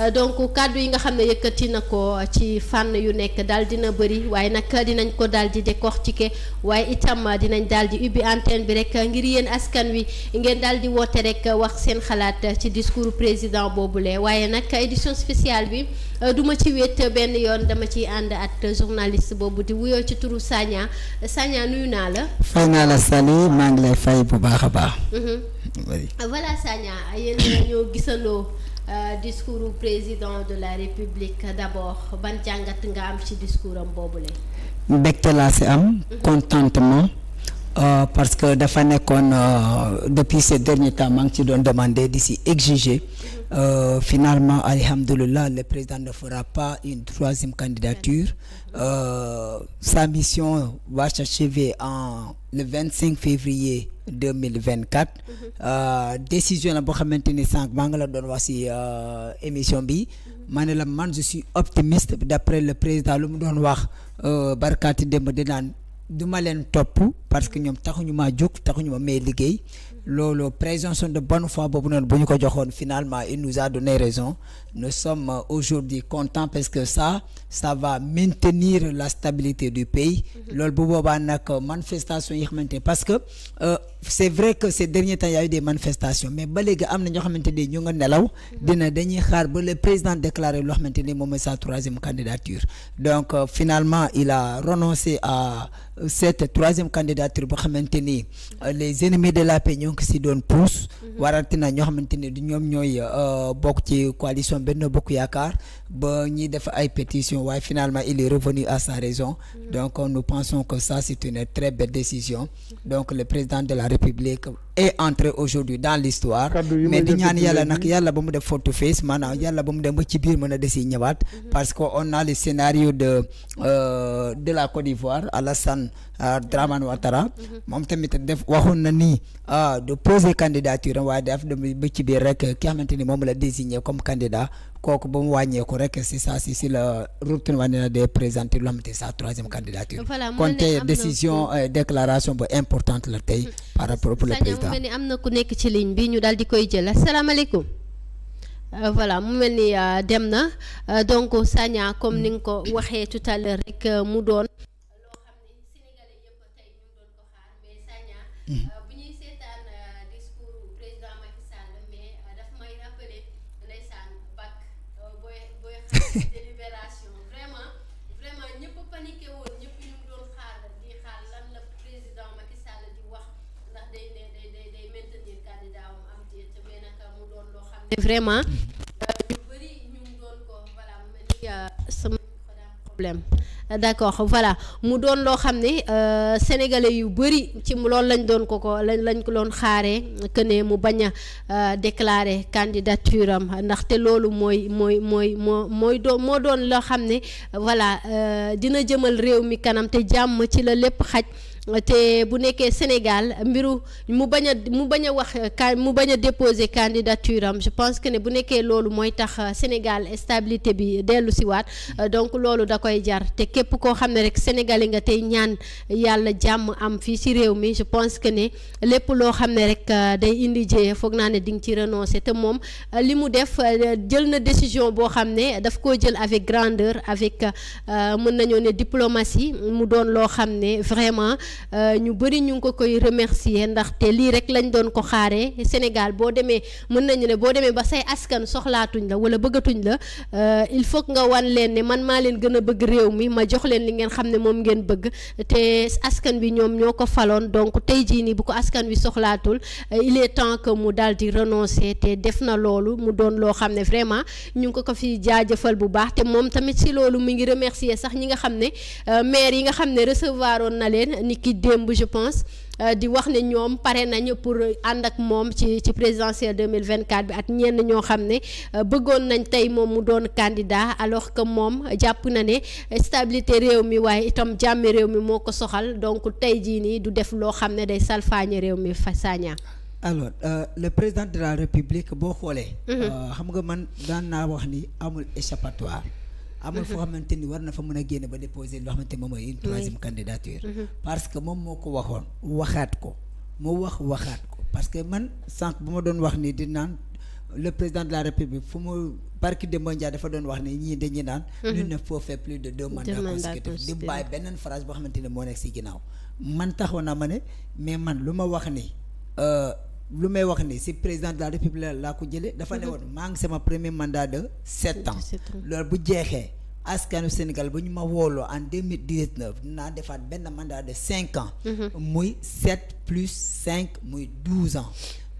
Euh, donc kàddu yi nga xam ne yëkkati na ko ci fànn yu nekk daal dina bëri waaye nag dinañ ko daal di de décortiquer waaye itam dinañ daal di ubbi antenne bi rek ngir yéen askan wi ngeen daal di woote rek wax seen xalaat ci discours président boobu boobule waaye nag édition spéciale bi euh, duma ci wet benn yoon dama ci ànd ak journaliste boobu di wuyoo ci turu Sagna Sagna nuyu naa la. fay naa la Sali maa ngi lay fay bu baax a baax. Mhm. voilà Sagna yéen ñoo gisandoo. Euh, discours président de la république d'abord ban jàngat nga am ci discours am boobu la. mbégte laa si am. Mhm. contentement. Euh, parce que dafa nekkoon euh, depuis ces derniers temps maa ngi ci doon demander di si exiger Euh, finalement, Alhamdulillah, le président ne fera pas une troisième candidature. Mmh. Euh, sa mission va s'achever en le 25 février 2024. Mmh. Euh, décision la boo xamante ni sànq maa ngi la doon wax ci euh, émission bi mmh. ma ne la man je suis optimiste d'après le président lu mu doon wax euh, barkaati démb di naan du ma leen topp parce que ñoom taxuñu maa jóg taxuñu ma may liggéey. loolu présomption de bonne foi boobu noonu bu ñu ko joxoon finalement il nous a donné raison nous sommes aujourd'hui contents parce que ça ça va maintenir la stabilité du pays mhm. loolu bu boobaa nag manifestation yi xamante parce que euh, c'est vrai que ces derniers temps y a eu des manifestations mais ba léegi am na ñoo xamante ni ñu nga nelaw mhm. dina dañuy xaar ba le président déclaré loo xamante ni moom mooy sa troisième candidature donc euh, finalement il a renoncé à euh, cette troisième candidature boo xamante ni les ennemis de la paix ngi si doon pousse. Mhm. waranti na ñoo xamante ne du ñoom ñooy euh, bokk ci coalition Benno Bokk Yaakaar. ba ñuy def ay pétition waaye finalement il est revenu à sa raison mm. donc nous pensons que ça c'est une très belle décision donc le président de la République est entré aujourd'hui dans l'histoire mais di ñaan yàlla nag yàlla ba mu def face maanaam yàlla ba mu dem ba ci biir mën a des yi ñëwaat mm-hmm. parce que on a le scénario de euh, de la Côte d'Ivoire Alassane euh, Dramane Ouattara mm-hmm. moom tamit def waxoon na nii euh, de poser candidature waaye daf dem ba ci biir rek ki ni moom la désigné kooku ba mu wàññeeku rek si saa si si la rupture wa ne na day présenter lu xamante sa troisième candidature kon tey décision euh, déclaration bu importante la tey hmm. par rapport pour le président mel ni am na ku nekk ci ligne bi ñu daal di koy jël asalaamaaleykum euh, voilà mu mel ni euh, dem na donc Sagna comme ni nga ko waxee tout à rek mu doon vraiment mhm. euh, ñu bëri ñu ngi doon ko voilà mu euh, euh, doon loo xam ne sénégalais yu bëri ci loolu lañ doon ko ko lañ lañ ko doon xaaree que mu bañ a déclarer candidature am ndaxte loolu mooy mooy mooy moo moo doon loo xam ne voilà dina jëmal réew mi kanam te jàmm ci la lépp xaj te bu nekkee Sénégal mbiru mu bañ a mu bañ a wax ka mu bañ a déposer candidature am je pense que ne bu nekkee loolu mooy tax Sénégal stabilité bi dellu si waat donc loolu da koy jar te képp koo xam ne rek sénégalais nga tey ñaan yàlla jàmm am fii si réew mi je pense que ne lépp loo xam ne rek euh, day indi jee foog naa ne di nga ci renoncer te moom euh, li mu def euh, jël na décision boo xam ne daf koo jël avec grandeur avec mën nañoo ne diplomatie mu doon loo xam ne vraiment. Euh, ñu bëri ñu ngi ko koy ndax te lii rek lañ doon ko xaaree Sénégal boo demee mën nañu ne boo demee ba say askan soxlaatuñ la wala bëggatuñ la euh, il faut que nga wan leen ne man maa leen gën a bëgg réew mi ma jox leen li ngeen xam ne moom ngeen bëgg te askan bi ñoom ñoo ko faloon donc tey jii nii bu ko askan wi soxlaatul euh, il est temps que mu daal di renoncer te def na loolu mu doon loo xam ne vraiment ñu ngi ko ko fi jaajëfal bu baax te moom tamit si loolu mi ngi sax ñi nga xam ne ki démb je pense euh, di wax ne ñoom pare nañu pour ànd ak moom ci ci présidentielle 2024 bi ak ñenn ñoo xam ne euh, bëggoon nañ tey moom mu doon candidat alors que moom jàpp na ne stabilité réew mi waaye itam jàmmi réew mi moo ko soxal donc tey jii nii du def loo xam ne day salfaañe réew mi fa saaña alors euh, le président de la république boo xoolee. Mhm. xam nga man daan naa wax ni amul échappatoire. amul foo xamante ni war na fa mën a génn ba déposer loo xamante moom mooy une troisième candidature mhm. parce que moom moo ko waxoon waxaat ko mu wax waxaat ko parce que man sànq bu ma doon wax ni di naan le président de la république fu mu parc de Mondia dafa doon wax ne ñii dañuy naan. ñu mhm. ne faut faire plus de deux mandats consécutifs di bàyyi beneen phrase boo xamante ne moo nekk si ginnaaw. man taxoon na ma ne mais man lu ma wax ni euh, lu may wax ni si président de la laa ko dafa ne mhm. woon maa ngi sama premier mandat de sept ans. loolu bu jeexee. askanu Sénégal bu ñu ma wooloo en deux mille dix neuf naa defaat benn mandat de cinq ans. Mhm. muy sept plus cinq muy douze ans.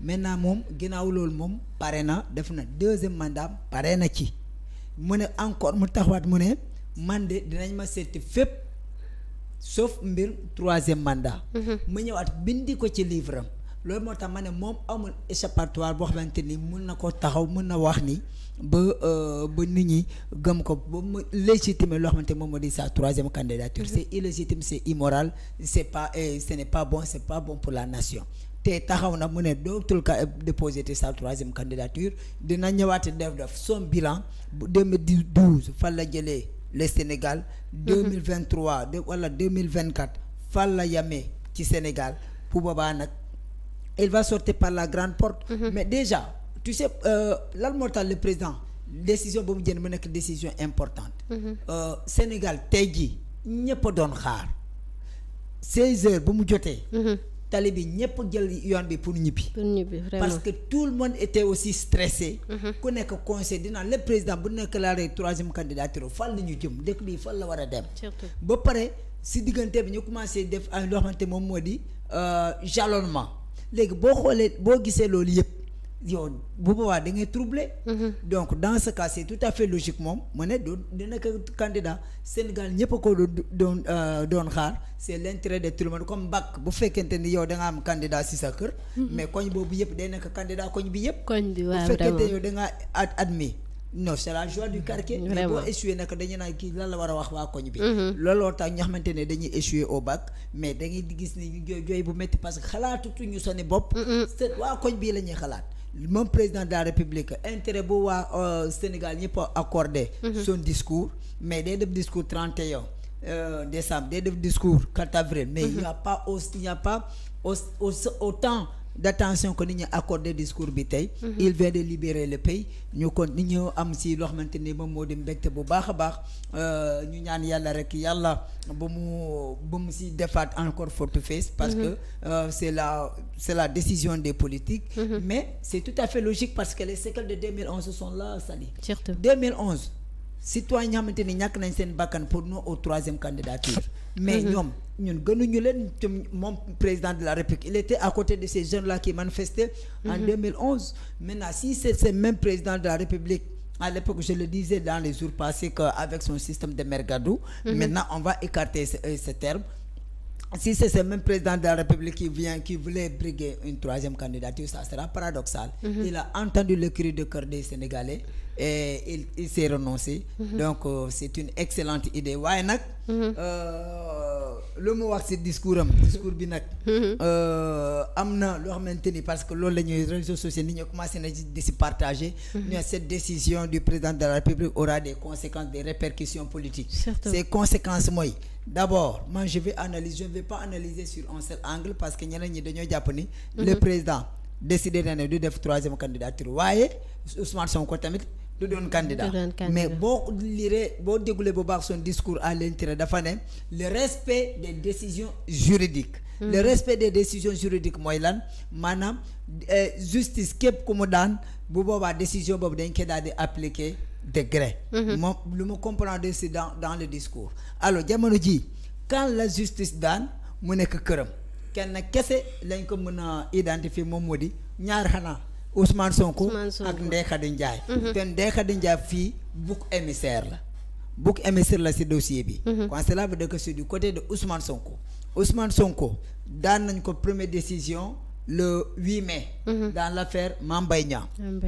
maintenant moom ginnaaw loolu moom pare na def na deuxième mandat pare na ci mu ne encore mu taxawaat mu ne man de dinañ ma seeti fépp sauf mbir troisième mandat. mu mhm. ñëwaat bindi ko ci livre loolu moo tax ma ne moom amul échappatoire boo xamante ni mun na ko taxaw mun na wax ni ba euh, ba nit ñi gëm ko ba mu légitime loo xamante moom moo di sa troisième candidature mm-hmm. c' est illégitime c' est immoral c' est pas ce n' est pas bon pour la nation te taxaw na mu ne dootul ka euh, déposé te sa troisième candidature dina ñëwaate def def son bilan bu 2012 fan la jëlee le Sénégal 2023 mm-hmm. wala 2024 fan la yamee ci Sénégal bu boobaa nag il va sortir par la grande porte. Mm -hmm. mais déjà tu sais euh, lan moo tax le président décision ba mu jënd mu nekk décision importante. Mhm. Euh, Sénégal tey jii ñëpp a doon xaar. 16 heures ba mu jotee. Mhm. tali bi ñëpp jël yoon bi pour ñibbi. pour ñibbi parce que tout le monde était aussi stressé. Mhm. ku nekk conseil dina le président bu nekk laa rek troisième candidature fan la ñu jëm dëkk bi fan la war a dem. ba pare si diggante bi ñu commencé def ay loo moom moo di euh, jalonnement. léegi boo xoolee boo gisee loolu yëpp yow bu boobaa da ngay troublé. Mhm. donc dans ce cas tout à fait logique moom mu ne doon dina ko candidat Sénégal ñëpp a ko doon euh, doon xaar c' est l' intérêt de tout le monde comme bac bu fekkente ni yow da am candidat si sa kër. Mhm. mais koñ boobu yëpp day nekk candidat koñ bi yëpp. koñ bi waaw bu fekkente yow da nga admis. non c'est la joie du quartier. mais boo échoué nag dañu naan kii lan la war a wax waa koñ bi. Mhm. looloo tax ñoo xamante ne dañuy échoué au bac mais da ngay gis ni ñu jooy jooy bu métti parce que ñu sa ne bopp. Mhm. waa koñ bii la ñuy xalaat. moom président de la république intérêt bu waa euh, Sénégal ñëpp a accordé. Mhm. son discours mais day def discours 31 euh, décembre day def discours 4 avril. mais il n'y a pas au il n'y a pas au s au temps d'attention que ni ñu accordé discours bi tey. Mhm. il vient de libérer le pays ñu kon ni ñu am si loo xamante ni moom moo dem mbégte bu baax a baax euh, ñu ñaan yàlla rek yàlla ba mu ba mu si defaat encore volte-face parce mhm. que euh, c'est la c'est la décision des politiques. Mhm. mais c'est tout à fait logique parce que les séquelles de 2011 sont là Sali. surtout 2011 ni ñàkk nañ seen bakkan pour nous au troisième candidature. mais ñoom. ñun gënuñu leen ci président de la République il était à côté de ces jeunes là qui manifestaient mm -hmm. en mhm. maintenant si c'est ce même président de la République à l'époque je le disais dans les jours passés qu'avec son système de mergadou mhm. maintenant on va écarter euh, ce, terme si c'est ce même président de la République qui vient qui voulait briguer une troisième candidature ça sera paradoxal mhm. il a entendu le cri de cœur des Sénégalais et il, s'est renoncé euh, lu mu wax ci discours am discours bi nag mhm. euh, am na loo xamante ni parce que loolu la ñuy sociaux ni ñu commencé na di ci partager ñu mhm. cette décision du président de la République aura des conséquences des répercussions politiques ces conséquences mooy d'abord moi je vais analyser je ne vais pas analyser sur un seul angle parce que ñeneen ñi dañoo jàpp ni le mhm. président décidé na ne du def troisième candidature waaye Ousmane Sonko tamit lu doon candidat mais boo lire boo déglu bu baax son discours à l'intérieur dafa ne le respect des décisions juridiques mm. le respect des décisions juridiques mooy lan maanaam eh, justice képp ku mu daan bu boobaa décision boobu dañ koy daal di appliquer degré gré mm-hmm. moom lu ma comprendre si dans dans le discours alors jamono ji quand la justice daan mu nekk këram kenn kese lañ ko mën a identifier moom moo di ñaar xanaa Ousmane Sonko ak Ndeye Khady Ndiaye mhm. te Ndeye Khady Ndiaye fii bouc émissaire la bouc émissaire la si dossier bi mhm. kon cela veut dire que c'est du côté de Ousmane Sonko Ousmane Sonko daan nañ ko première décision le 8 mai mhm. dans l'affaire Mame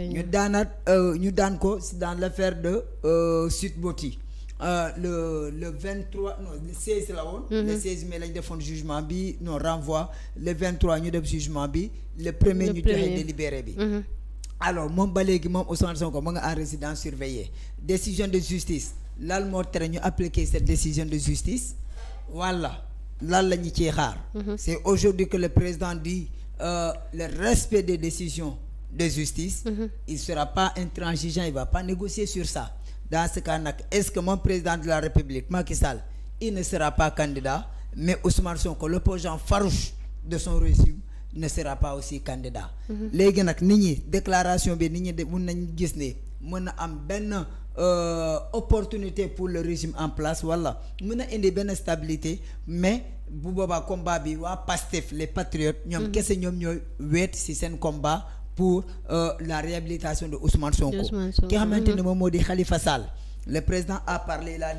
ñu daanaat euh, ñu daan ko dans l'affaire de euh, Sweet Beauté Euh, le le 23 non le 16 la woon. Mhm. le 16 mai lañ defoon jugement bi non renvoi le 23 ñu def jugement bi. le premier ñu joxe délibéré bi. Mhm. alors moom ba léegi moom Ousmane Sonko ma nga en résidence surveillée décision de justice lan moo tere ñu appliquer cette décision de justice voilà lan la ñu ciy xaar. Mhm. c'est aujourd'hui que le président dit euh, le respect des décisions de justice. Mm -hmm. il sera pas intransigeant il va pas négocier sur ça. dans ce nag est-ce que mon président de la République Macky Sall il ne sera pas candidat mais Ousmane Sonko l'opposant farouche de son régime ne sera pas aussi candidat mhm. léegi nag nit ñi déclaration bi nit ñi de mun nañ gis ni mën na am benn euh, opportunité pour le régime en place wala mën a indi benn stabilité mais bu boobaa combat bi waa PASTEF les patriotes ñoom mhm. kese ñoom ñooy weet ci seen combat pour euh, la réhabilitation de Ousmane Sonko ki xamante mm-hmm. ne moom moo di Khalifa Sall le président a parlé il a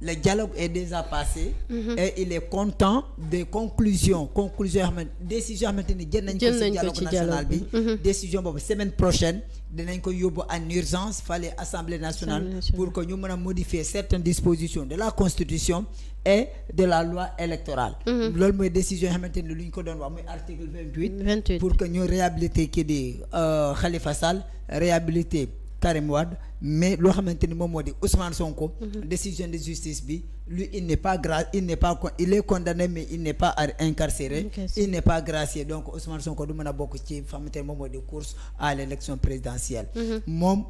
le dialogue est déjà passé. Mm-hmm. et il est content des conclusions conclusions yoo xamante décision yoo xamante ni jël nañ ko ci dialogue national bi mm-hmm. décision boobu semaine prochaine dinañ ko yóbbu en urgence fale assemblée nationale pour que ñu mën a modifier certaines dispositions de la constitution et de la loi électorale mm-hmm. loolu mooy décision yoo xamante ni lu ñu ko doon wax muy article vingt-huit pour que ñu réhabiliter kii di euh, Khalifa Sall réhabiliter Karim Wade mais loo xamante ni moom moo di Ousmane Sonko. Mhm. décision de justice bi lui il n'est pas gra il n'est pas con il est condamné mais il n'est pas incarcéré il n'est pas gracié du mën a bokk ci xamante ni moom moo di course à l'élection présidentielle mhm. euh, moom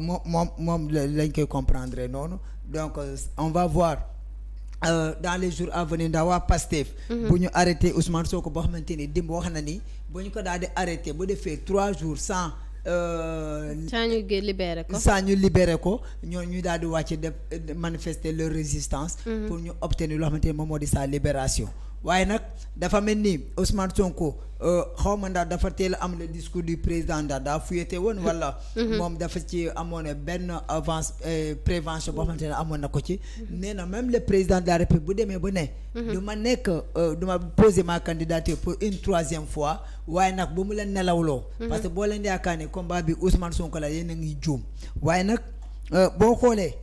moom moom moom lañ koy comprendre noonu donc euh, on va voir Euh, dans les jours à venir ndax waa Pastef mhm. bu ñu arrêté Ousmane Sonko boo xamante ni dimb wax na ni bu ñu ko daal di arrêté bu defee trois jours sans saa euh, ñu libéré ko saa ñu libéré ko ñoo ñu daal di wàcc def manifester leur résistance mm-hmm. pour ñu obtenir loo xamante ne moom moo di saa libération waaye nag dafa mel ni Ousmane Sonko euh, xaw ma ndax dafa teel am la discours du président ndax daa fuyete woon wala. Mm-hmm. moom dafa ci amoon benn avance euh, prévention boo xamante ne amoon na ko ci. Mm-hmm. nee na même le président de la République bu demee ba ne. Mm-hmm. du ma nekk euh, du ma poser ma candidature pour une troisième fois waaye nag bu mu leen nelawloo. parce que boo leen yaakaar ne combat bi Ousmane Sonko la yéen a ngi juum waaye nag boo xoolee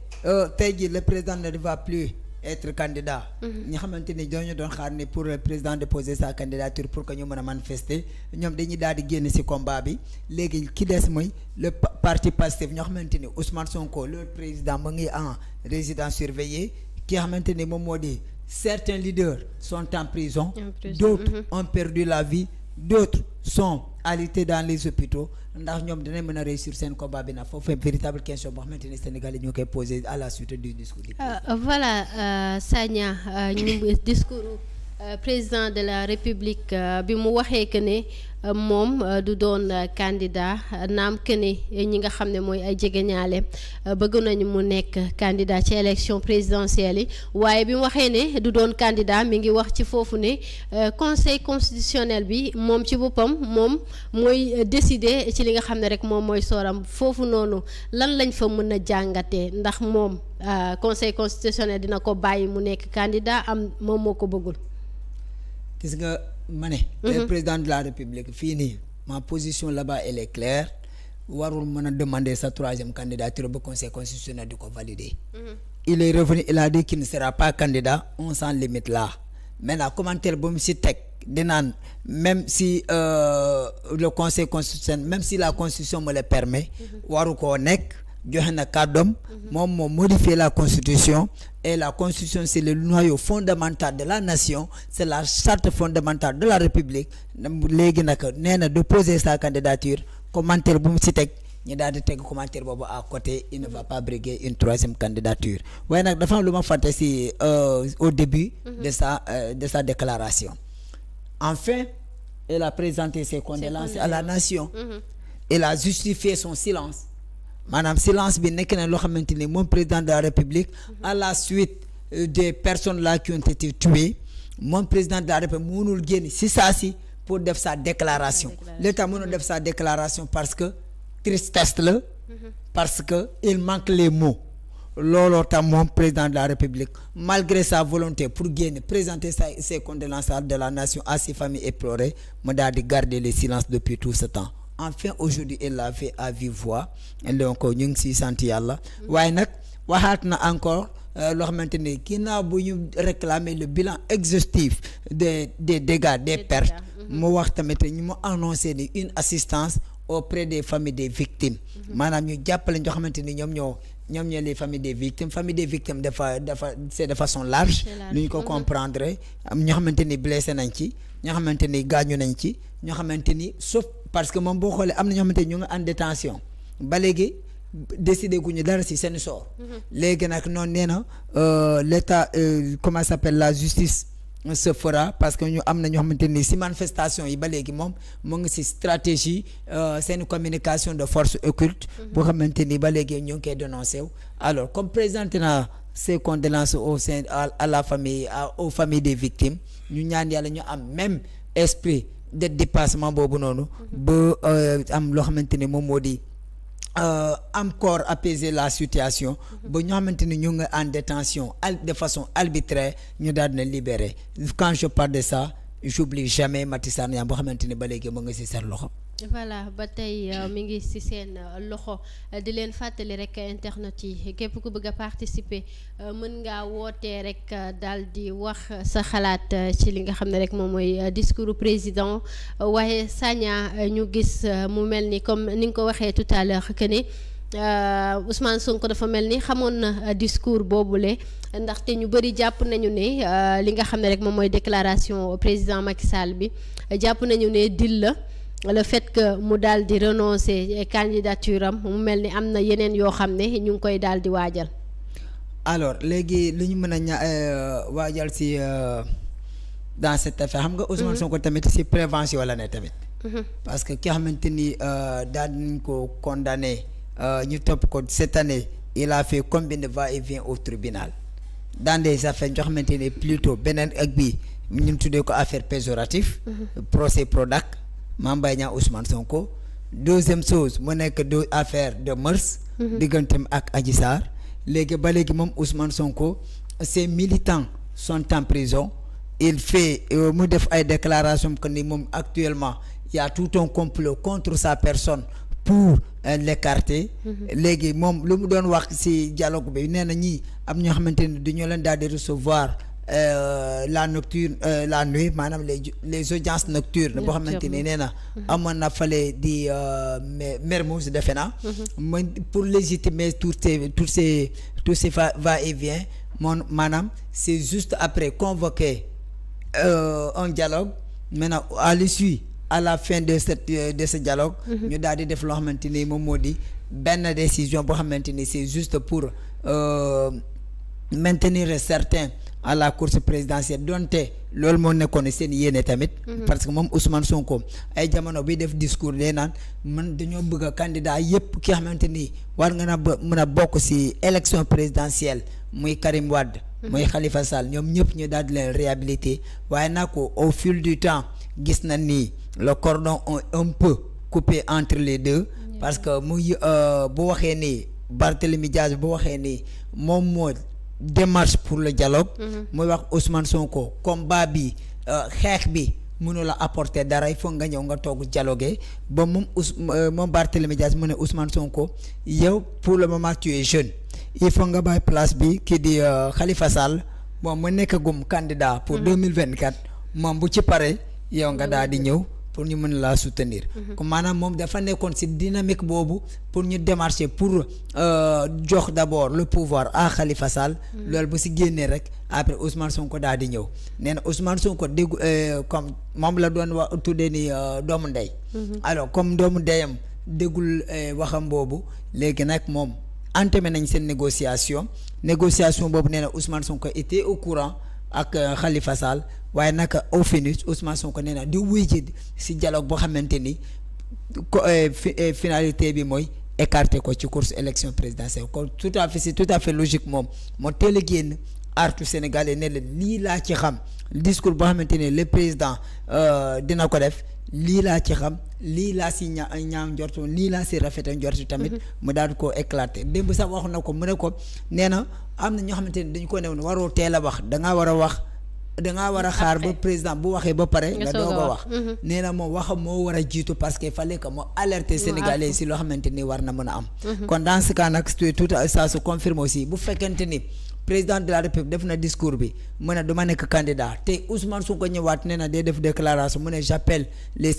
tey jii le président ne va plus. être candidat. Mhm. ñi xamante ni dañu doon xaar ni pour le président déposer sa candidature pour que ñu mën a manifester ñoom dañuy daal di génn ci combat bi léegi ki des mooy le parti Pastef ñoo xamante ni Ousmane Sonko leur président mu ngi en résident surveillée ki xamante ni moom moo di certains leaders sont en prison. d'autres mhm. ont perdu la vie d'autres sont. alité dans les hôpitaux ndax ñoom dinañ mën a réussir seen combat bi nag foofu véritable question boo xamante ni Sénégal ñoo koy posé à la suite du discours. Euh, voilà euh, Sagna euh, ñu discours. Euh, président de la république euh, bi mu waxee que ne euh, moom du doon candidat naam que ne ñi nga xam ne mooy ay jegeñaale bëgg nañu mu nekk candidat ci élection présidentielle yi waaye bi mu waxee ne du doon candidat mi ngi wax ci foofu ne conseil constitutionnel bi moom ci boppam moom mooy décider ci li nga xam ne rek moom mooy soram foofu noonu lan lañ fa mën a jàngatee ndax moom conseil constitutionnel dina ko bàyyi mu nekk kandidaa am moom moo ko bëggul. gis nga ma ne. Mhm. le président de la république fii nii ma position là-bas elle est claire warul mën a demander sa troisième candidature ba conseil constitutionnel di ko valider. Mhm. il est revenu il a dit qu'il ne sera pas candidat on s'en limite là maintenant commentaire ba si teg di naan même si euh, le conseil constitutionnel même si la constitution me le permet mhm. waru koo nekk. joxe na kàddoom moom moo modifier la constitution et la constitution c'est le noyau fondamental de la nation c'est la charte fondamentale de la république léegi nag nee na déposer sa candidature commentaire bu mu si teg ñu daal di teg commentaire boobu à côté il ne va pas briguer une troisième candidature waaye nag dafa lu ma fàtte si euh, au début mhm. de sa euh, de sa déclaration enfin elle a présenté ses condoléances à la nation mhm. elle a justifié son silence maanaam silence bi nekk na loo xamante ni moom président de la république à la suite euh, des personne la qui ont été tuées moom président de la république mënul génn si saa si pour def sa déclaration l'état mënul def sa déclaration parce que tristesse la parce que il manque les mots looloo tam moom président de la république malgré sa volonté pour génn présenter sa ses condoléances de la nation à ses familles éplorées mu daal di garder le silence depuis tout ce enfin aujourd'hui il l'a fait à vive voix donc euh, ñu ngi siy sant yàlla waaye nag waxaat na encore euh, loo xamante ni ginnaaw bu ñu réclamer le bilan exhaustif des des dégâts des pertes mhm. mu wax tamit ñu mu annoncé ni une assistance près des familles des victimes mhm. maanaam ñu jàppale ñoo xamante ni ñoom ñoo ñoom ñoo les famille des victimes famille des victimes dafa dafa c'est de façon large lu ñu ko mhm. comprendre am ñoo xamante ni blessé nañ ci ñoo xamante ni gaañu nañ ci ñoo xamante ni sauf parce que moom boo xoolee am na ñoo xamante ñu ngi en détention ba léegi décidé gu dara si seen sort mm-hmm. léegi nag noon nee na euh, l' état euh, comment s'appelle la justice se fera parce que ñu am na ñoo xamante ni si manifestation yi ba léegi moom moo ngi si stratégie euh, seen communication de force occulte mm-hmm. boo xamante nii ba léegi ñoo ngi koy dénoncé wu alors comme présenter naa ses condoléances au sein à la famille au famille des victimes ñu ñaan yàlla ñu am même esprit de dépassement boobu noonu ba euh, am loo xamante ne moom moo di encore euh, apaiser la situation ba ñoo xamante ni ñu nga en détention de façon arbitraire ñu daal dina libérer quand je parle de ça j'oublie jamais Maty Sarr Niang boo xamante ni ba léegi mu nga si seen loxo voilà ba tey euh, mu ngi ci seen euh, loxo di leen fàttali rek internet yi képp ku bëgg a participer euh, mën ngaa wootee rek daal di wax sa xalaat ci li nga xam ne rek moom mooy discours président waaye Sagna ñu gis mu mel ni comme ni nga ko waxee tout à l'heure ni Ousmane Sonko dafa mel ni xamoon na discours boobule ndaxte ñu bëri jàpp nañu ne li nga xam ne rek moom mooy déclaration président Macky Sall bi jàpp nañu ne dil la. le fait que mu daal di renoncer candidature am mu mel ni am na yeneen yoo xam ne ñu ngi koy daal di waajal. alors léegi lu ñu mën a ña euh, waajal si euh, dans cette affaire xam nga Ousmane mhm. ko tamit si prévention la ne tamit. Mhm. parce que ki xamante ni euh, daal nañ ko condamné ñu topp ko cette année il a fait combien de va-et-vient au tribunal dans des affaires yoo xamante ni plutôt beneen ak bii ñu tuddee ko affaire péjorative. Mhm. procès Prodac. Mame Mbaye Niang Ousmane Sonko deuxième chose mu nekk de affaire de mœurs mhm. digganteem ak Adji Sarr léegi ba léegi moom Ousmane Sonko ses militants sont en prison il fait euh, mu def ay déclaration que ni moom actuellement y a tout un complot contre sa personne pour euh, l'écarter mhm. léegi moom lu mu doon wax ci dialogue bi nee na ñii am ñoo xamante ni du ñu leen daal di recevoir Euh, la nocturne euh, la nuit maanaam les les audiences nocturnes boo xamante ni nee na mhm. amoon na fale di euh, Mermoz defe na mhm. mooy pour légitimer tous ces tous ces tous ces va-et-vient moom maanaam c'est juste après convoquer euh, un dialogue maintenant à l'issue à la fin de cette euh, de ce dialogue mhm. ñu daal di def loo xamante ni moom moo di benn décision boo xamante ni c'est juste pour euh, maintenir certains à la course présidentielle donte loolu moo nekkoon seen yéene tamit. Mhm. parce que moom Ousmane sonkoom ay jamono bi def discours day naan man dañoo bëgg a candidat yépp ki xamante ni war nga na mën a bokk ci élection présidentielle muy Karim wadd mhm. muy xalifa Sall ñoom ñëpp ñu daal di leen réhabilité waaye naa au fil du temps gis na ni le cordon un peu coupé entre les deux. parce que muy euh, bu waxee ni Barthélemy Diaz bu waxee ni moom moo. démarche pour le dialogue mm-hmm. mooy wax Ousmane Sonko combat bi euh, xeex bi mënula la apporter dara il faut nga ñëw nga toog dialoguer ba moom Ous euh, moom Barthélémy Dias mu ne Ousmane Sonko yow pour le moment tu es jeune il faut nga bàyyi place bi kii di euh, Khalifa Sall moom mu nekk gum candidat pour mm-hmm. deux mille vingt quatre moom bu ci pare yow nga daal di ñëw pour ñu mën laa soutenir. comme mhm. maanaam moom dafa nekkoon si dynamique boobu pour ñu démarcher pour euh, jox d'abord le pouvoir a xalifa Sall. Mhm. loolu bu si génnee rek après Ousmane Sonko daal di ñëw nee na Ousmane ko dégg euh, comme moom la doon wax tuddee ni euh, doomu ndey. Mhm. alors comme doomu ndeyam déggul waxam boobu léegi nag moom entamé nañ seen négociation négociation boobu nee na Ousmane Sonko était au courant. ak xalifa euh, Sall waaye naka au finish Ousmane Sonko nee na di wuy ji si dialogue boo xamante ni ko euh, euh, finalité bi mooy écarté ko ci course élection présidentielle kon tout à fait c'est tout à fait logique moom moo teel a génn artu sénégalais ne leen lii laa ci xam discours boo xamante ne le président euh, dina ko def lii laa ci xam lii laa si ña ñaaw njortu lii laa si rafete njortu tamit mm-hmm. mu daal ko éclater démb sax waxu na ko mu ne ko nee na am na ñoo xamante ne dañ ko newoon waroo teel a wax dangaa war a wax dangaa war a xaar ba président bu waxee ba pare nga doog a wax mm-hmm. nee na moom wax moo war a jiitu parce que fallait que mu alerter sénégalais si loo xamante ni war na mën a am mm-hmm. kon dans ce cas bu fekkente ni président de la république def na discours bi mu ne dama nekk candidat te Ousmane Sonko ñëwaat nee na day def déclaration mu ne j'appelle les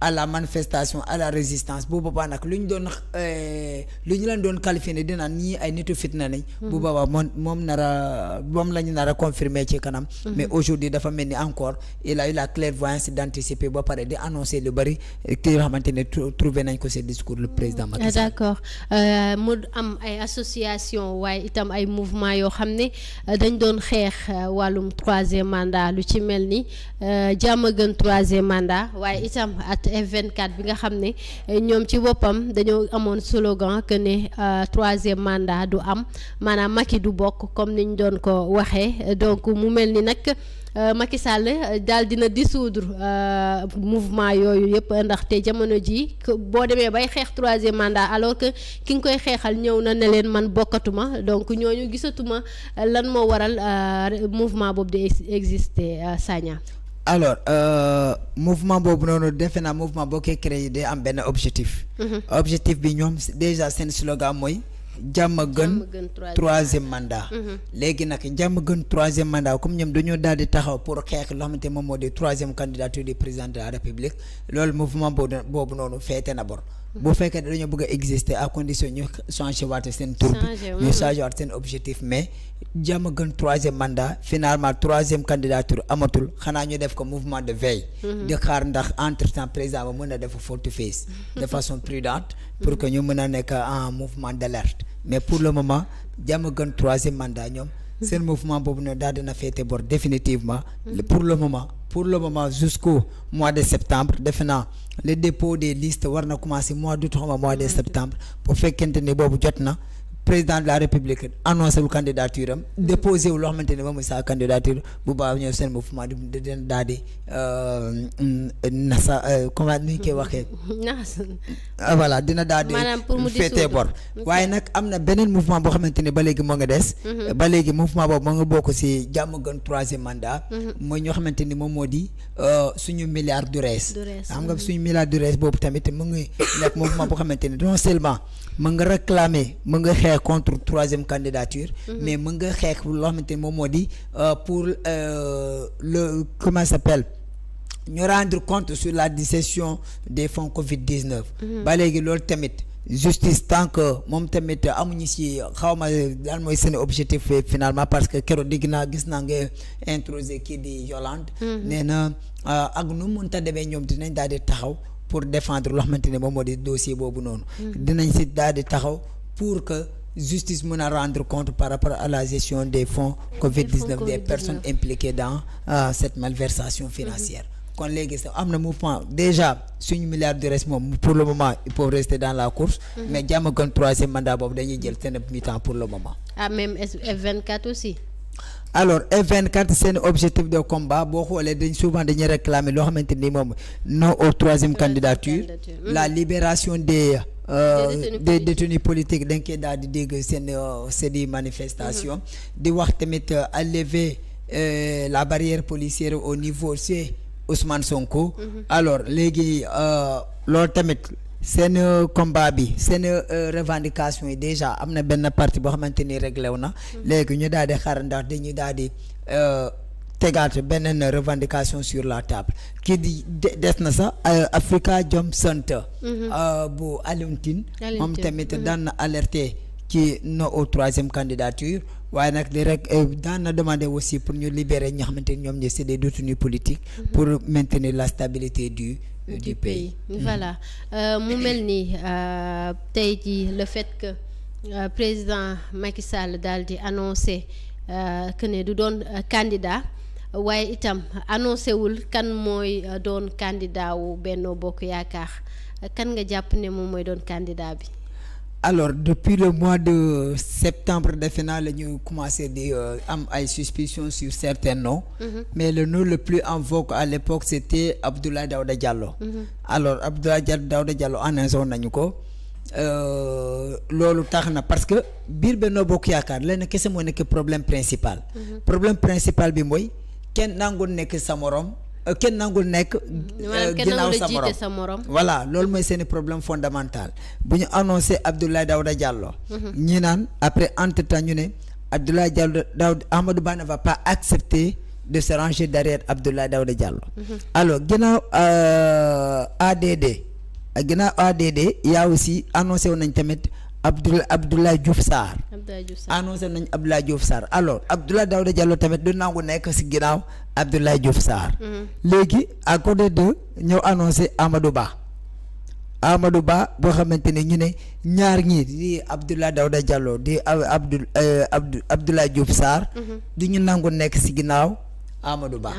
à la manifestation à la résistance bu boobaa nag lu ñu doon eh, lu ñu leen doon qualifié ne dinaan ñii ay nitu fitna nañ. bu hmm. boobaa moom moom nar moom la ñu nar a confirmer ci kanam. Hmm. mais aujourd'hui dafa mel ni encore il a eu la clairvoyance d'anticiper ba pare di annoncer lu bari te yoo xamante ne trouvé nañ ko seen discours le président Macky Sall. d'accord euh, mu am ay association waaye itam ay mouvement yoo xam ne euh, dañ doon xeex euh, wàllum troisième mandat lu ci mel ni jàmm gën troisième mandat F24 bi nga xam ne eh, ñoom ci boppam dañoo amoon slogan que ne euh, troisième mandat du am maanaam Macky du bokk comme niñ doon ko waxee donc mu mel ni nag euh, Macky Sall euh, daal dina dissoudre mouvement yooyu yëpp ndaxte jamono ji boo demee bay xeex troisième mandat alors que ki nga koy xeexal ñëw na ne leen man bokkatuma donc ñooñu gisatuma lan moo waral mouvement boobu di existe Sagna alors euh, mouvement boobu noonu defe naa mouvement boo koy créé day am benn objectif. Mhm. objectif bi ñoom déjà seen slogan mooy. jàmm gën troisième mandat. Mhm. léegi nag jàmm gën troisième mandat comme ñoom dañoo daal taxaw pour xeex loo xamante moom moo di troisième candidature du président de la république loolu mouvement boobu boobu noonu féete na bor. bu fekkee dañoo bëgg a exister à condition ñu changé waat seen tur bi ñu changé waat seen objectif mais jàmm gën troisième mandat finalement troisième candidature amatul xanaa ñu def ko mouvement de veille mm-hmm. di xaar ndax entre temps président ba mën a def forte face de façon prudente pour que ñu mën a nekk en mouvement d' mais pour le moment jàmm a gën troisième mandat ñoom seen mouvement boobu ne daal dina féete bor définitivement pour le moment pour le moment jusqu'au mois de septembre defe naa le dépôt des listes war na commencer mois d'août xawma mois de septembre bu fekkente ne boobu jot na président de la république annoncé wu candidature am déposé wu loo xamante ne moom mooy sa bu baax ñëw seen mouvement di den daal di euh, nasa euh, comment ni koy waxee. Ah, voilà dina daal di. maanaam pour mu féetee waaye nag am na beneen mouvement boo xamante ne ba léegi moo nga des. Mhm. ba léegi mouvement boobu moo nga bokk si jàmm gën troisième mhm. mooy ñoo xamante ni moom moo di euh, suñu milliard du rees. xam nga mhm. suñu milliard du rees boobu tamit mu ngi nekk mouvement boo xamante ni non seulement. mën nga réclamer mën nga xeex contre troisième candidature. Mm-hmm. mais mën nga xeex loo xamante ni moom moo di euh, pour euh, le comment ça s'appelle ñu rendre compte sur la décision des fonds Covid 19. Mm-hmm. ba léegi loolu tamit. justice tant que moom tamit amuñu si xawma lan mooy seen objectif finalement parce que kero dégg naa gis naa nga introsé kii di Yolande. Mm-hmm. nee na euh, ak nu mu mënta demee ñoom dinañ daal di taxaw. pour défendre loo xamante ne moom moo di dossier boobu noonu. Mm. dinañ si daal taxaw pour que justice mën a rendre compte par rapport à la gestion des fonds Covid-19 des personnes impliquées dans euh, cette malversation financière. Mm-hmm. kon léegi sax am na mouvement déjà suñu milliard de reste moom pour le moment ils peuvent rester dans la course. Mm-hmm. mais jàmm kon troisième mandat boobu dañuy jël seen mi temps pour le moment. ah même f alors F24 seen objectif de combat boo xoolee dañ souvent dañuy réclamer loo xamante ni moom non au troisième candidature la libération des euh, des politique politiques dañ koy daal di dégg seen euh, seen i manifestation mm-hmm. di wax tamit à euh, lever la barrière policière au niveau chez Ousmane Sonko mm-hmm. alors léegi loolu tamit seen euh, combat bi seen euh, revendication yi déjà am na benn partie boo xamante ni réglé wu na. Mm-hmm. léegi ñu daal di xaar ndax dañuy daal di euh, tegaat beneen revendication sur la table kii di des na sax Africa Jom Center. Mm-hmm. bu Alioune Tine moom tamit mm-hmm. daan na alerte ci non au troisième candidature. waaye nag di rek daan na demande aussi pour ñu libérer ñi nga xamante ni ñoom ñooy c'est des détenus politiques. pour maintenir la stabilité du. du pays voilà euh, mu mel ni euh, tey jii le fait que euh, président Macky Sall daal di annoncé que ne du doon candidat waaye itam annoncé wul kan mooy doon candidat wu Benno Bokk Yaakaar kan nga jàpp ne moom mooy doon candidat bi. alors depuis le mois de septembre defe naa la ñu commencé di euh, am ay suspicions sur certains noms mhm. mais le nom le plus en vogue à l'époque c'était Abdoulaye Daouda Diallo mm -hmm. alors Abdoulaye Daouda Diallo annonce nañu ko euh, loolu tax na parce que biir Benno Bokk Yaakaar lenn kese moo nekk problème principal mhm. problème principal bi mooy kenn nangu nekk sa morom Euh, kenn nangul nekk. Euh, ginnaaw sa morom sa loolu mooy seen problème fondamental bu ñu annoncé Abdoulaye Daouda Diallo. Mhm. ñi naan après entre temps ñu ne Abdoulaye Diallo Daouda Amadou Ba ne va pas accepter de se ranger derrière Abdoulaye Daouda Diallo. Mhm. alors ginnaaw euh, ADD ginnaaw ADD yaa aussi annoncé nañ tamit. Abdoul Abdoulaye Diouf Sarr. Abdoulaye Diouf Sarr annoncé saar Abdoulaye Diouf Sarr alors Abdoulaye Daouda Diallo tamit du nangu nekk si ginnaaw Abdoulaye Diouf saar mm-hmm. léegi à côté de ñëw annoncé Amadou Ba. Amadou Ba boo xamante ni ñu ne ñaar ñii di Abdoulaye Daouda Diallo di Abdou eh, Abdou Abdoulaye Diouf Sarr. Mm-hmm. du ñu nangu nekk si ginnaaw. Amadou Ba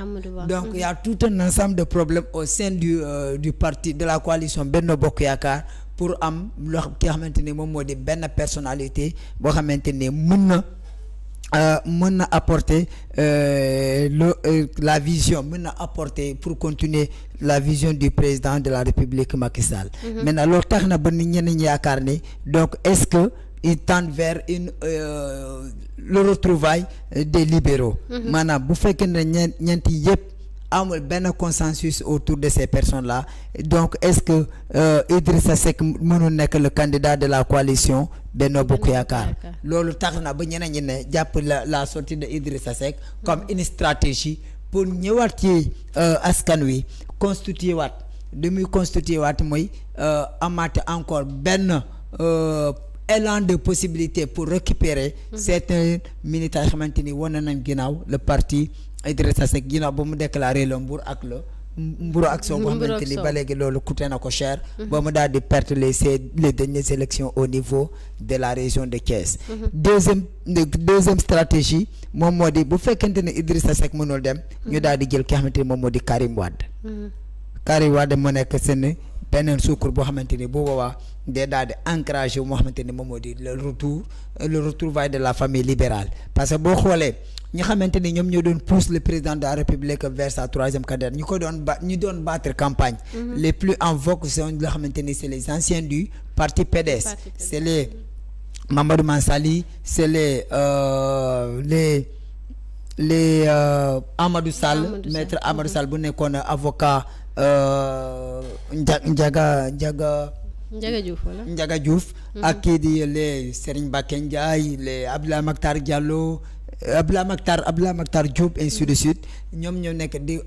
donc il y a mm-hmm. tout un ensemble de problème au sein du euh, du parti de la coalition benn Bokk Yaakaar. pour am loo ki nga xamante ni moom moo di benn personnalité boo xamante ni mën na euh, mën na apporter euh, le euh, la vision mën na apporter pour continuer la vision du président de la République Macky Sall. Mhm. maintenant loolu tax na ba nit ñeneen yaakaar ni donc est-ce que il tend vers une le retrouvaille des libéraux. Mhm. maanaam bu fekkee ne ñeent ñeenti yëpp. amul benn consensus autour de ces personnes là donc est-ce que euh, Idrissa Seck mënul nekk le candidat de la coalition Benno Bokk Yaakaar loolu tax na ba ñeneen ñi ne jàpp la la sortie de Idrissa Seck comme une stratégie pour ñëwaat ci euh, askan wi constituer waat li muy constituer waat mooy euh, amaati encore benn élan de possibilité pour récupérer mm-hmm. certains militaires xamante ni wane nañ ginnaaw le partie Idrissa Seck ginnaaw ba mu déclaré le Mbour ak la Mbour ak soo boo xamante ni ba léegi loolu coûté na ko cher mhm. ba mu daal di perte les les dernières élections au niveau de la région de Thiès mhm. deuxième deuxième stratégie moom moo di bu fekkente ne Idrissa Seck mënul dem ñu mhm. daal di jël ki xamante ni moom moo di Karim Wade Karim Wade moo nekk seen beneen suukar boo xamante ni bu boobaa day daal di encouragé xamante ni moom moo di le retour le retrouvaille de la famille libérale parce que boo xoolee ñi xamante ni ñoom ñoo doon pousse le président de la république vers sa troisième candidature ñu ko doon ba ñu doon battre campagne. Mhm. les plus en vogue sont nga xamante ni c' est les anciens du parti PDS. c' les Mamadou Mansali c' euh, les les les euh, Amadou Sall. Amadou Sall maître Amadou mhm. Sall bu nekkoon avocat. Euh, Nja Njaga Njaga. Njaga Diouf wala Njaga Diouf. Mm-hmm. ak kii di les Serigne Bakke Ndiaye les Abdoulaye Mactar Diallo euh, Abdoulaye Mactar Abdoulaye Mactar Diop ainsi mm-hmm. de suite ñoom ñoo nekk di.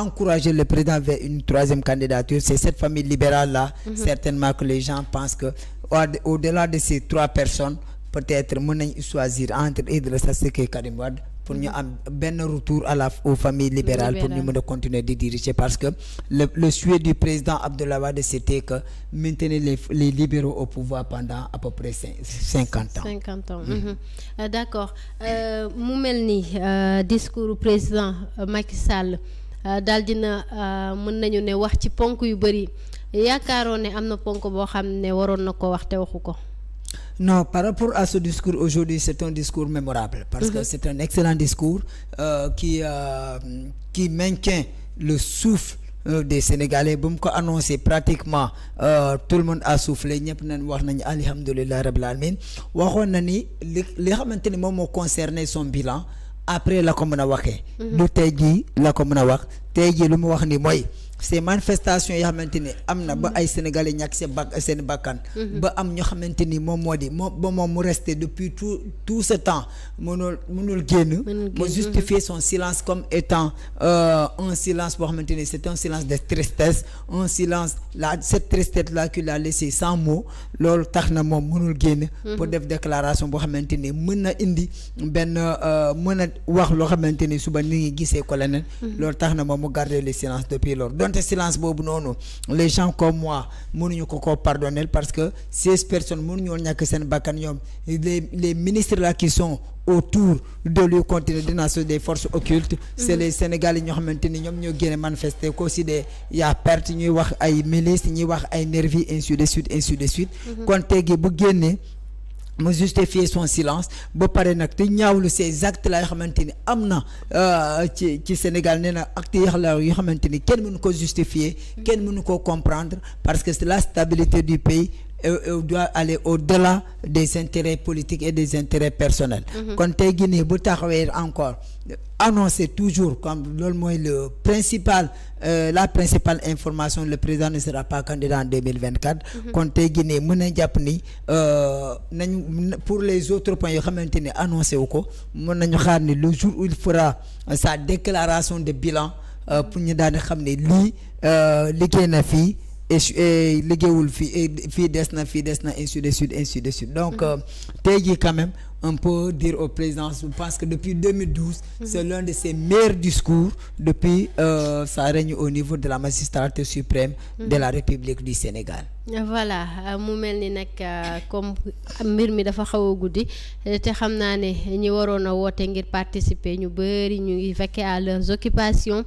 encourager le président vers une troisième candidature c'est cette famille libérale là mm -hmm. certainement que les gens pensent que au-delà de ces trois personnes peut-être mën nañu choisir entre Idrissa Seck et Karim Wade pour ñu am benn retour à la aux familles libérales pour ñu mën a continuer di diriger parce que le le souhait du président de Wade c'était que maintenir les les libéraux au pouvoir pendant à peu près cinquante ans. cinquante ans mm. mhm. euh, d'accord euh, mu mel ni euh, discours président Macky Sall daal dina mën nañu ne wax ci ponk yu bëri yaakaaroon ne am na ponk boo xam ne waroon na ko wax te waxu ko. non par rapport à ce discours aujourd'hui c'est un discours mémorable parce que mhm. c'est un excellent discours euh, qui euh, qui maintient le souffle euh, des Sénégalais bu mu ko annoncé pratiquement euh, tout le monde a soufflé ñëpp nañ wax nañu alhamdulilah rabbil alamin waxoon na ni li li xamante ni moom moo concerné son bilan après la ko mën a waxee. du mhm. la ko mën wax tey jii lu mu wax ni mooy. ces manifestations yoo xamante ni am na ba ay sénégalais ñàkk seen bak seen bakkan mhm. ba am ñoo xamante ni moom moo di moom ba moom mu resté depuis tout tout ce temps mënul mënul génn mu justifier son silence comme étant euh, un silence boo xamante ni c'est un silence de tristesse un silence la cette tristesse là qu'il a laissé sans loolu tax na moom mënul génn mhm. pour def déclaration boo xamante ni mën na indi benn euh, mën a wax loo xamante ni suba ni ngi gisee ko leneen mhm. loolu tax na moom mu garder le silence depuis loolu donte silence boobu noonu les gens comme moi mënuñu ko koo pardonner parce que seize personnes mënuñoo ñàkk seen bakkan ñoom les les ministres là qui sont autour de lui continuer dinaa so des force occultes c'est mhm. les Sénégalais yi ñoo xamante ni ñoom ñoo génne manifester ko si des yaa perte ñuy wax ay milices ñuy wax ay nervis ainsi de suite ainsi de suite mhm. kon tey bu génnee mu justifier son silence ba pare nag te ñaawlu ces actes la yoo xamante ni am na euh, ci ci Sénégal nee na actes yax la yoo xamante ni kenn mënu ko justifier kenn mënu ko comprendre parce que c'est la stabilité du pays Euh, euh, doit aller au-delà des intérêts politiques et des intérêts personnels mhm. kon tey jii bu taxawee encore annoncer toujours comme loolu mooy le principal euh, la principale information le président ne sera pas candidat en 2024 mhm. kon tey jii nii mën na jàpp ni euh, nañu pour les autres points yoo xamante ni annoncé wu ko mën nañu xaar ni le jour où il fera sa déclaration de bilan pour ñu daal di xam ne lii liggéey na fii et eh, liggéeyul fii eh, fii des na fii des na ainsi de suite ainsi de donc mm-hmm. euh, tey jii quand même on peut dire au président je pense que depuis 2012 mm-hmm. c'est l'un de ses meilleurs discours depuis euh, sa au niveau de la magistrature suprême de mm-hmm. la République du Sénégal voilà mu mel ni nag euh, comme mbir mi dafa xaw a guddi te xam naa ne ñi waroon a woote ngir participer ñu bëri ñu ngi fekke à leurs occupations